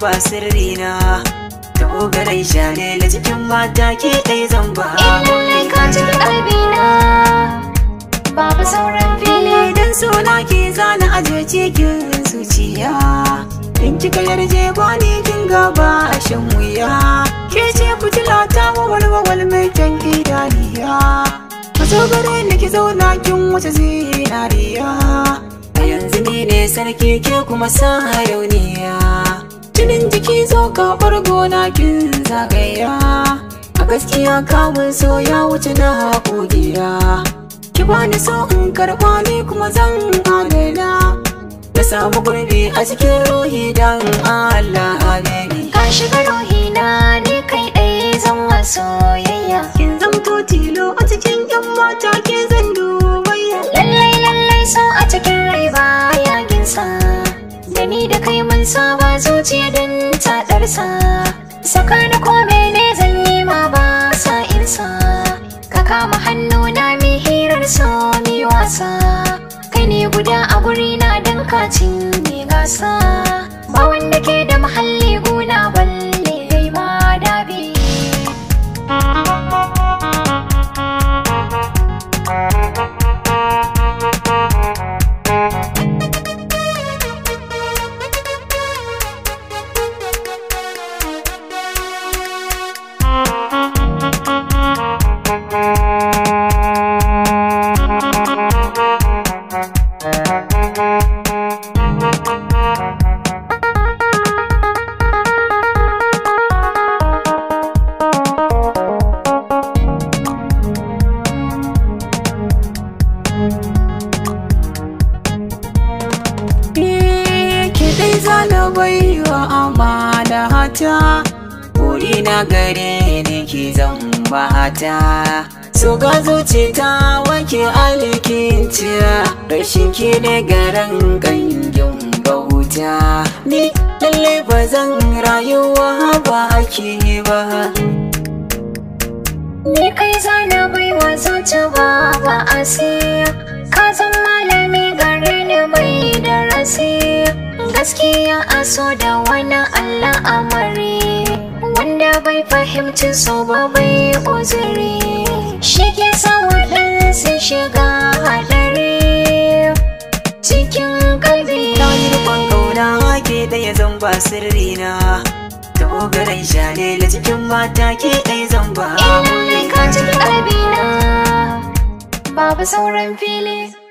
ba sirri na dogarai shane na cikin mata ke ɗai zan ba in ka cin ƙalbi babu sauran fili dan suna ke zana aje cikin zuciya in kika yarje ba ni kin gaba a shan wuya ke ce tilata wa walwal mai kyan idaniya Kaso gare ni ki zauna kin wace zinariya a yanzu ni ne sarki ke kuma sa hayauniya jinin jiki zo ka ɓargo na kin zagaya a gaskiya kamun so ya wuce na haƙoƙiya ki bani so in karɓa ni kuma zan adana na samu gurbi a cikin ruhi dan Allah habibi ka shiga ruhi na ni kai ɗaya zan masoyi ba zuciya don ta ɗarsa da zan yi ma ba sa insa ka kama hannu na mi hirar so mi wasa kai ne guda a guri na don kacin ne gasa ba wanda ke da mahalli guna ba baiwa amana hata Kuri na gare ni ki zan bahata so ga zuci ta wake alikin ciya rashin ne garan gangin bauta ni lalle ba zan rayuwa ba ake ba ni kai zana bai wa zuci ba ba a ka zan malami gare ni mai darasi gaskiya a so da wani allah amari wanda bai fahimci so ba bai uzuri shi ke samun su shiga hadari cikin kalbi na yi rufan kauna ke ɗaya zan ba sirri na dogarai shalele cikin mata ke ɗaya zan ina ka cikin kalbi na babu sauran fili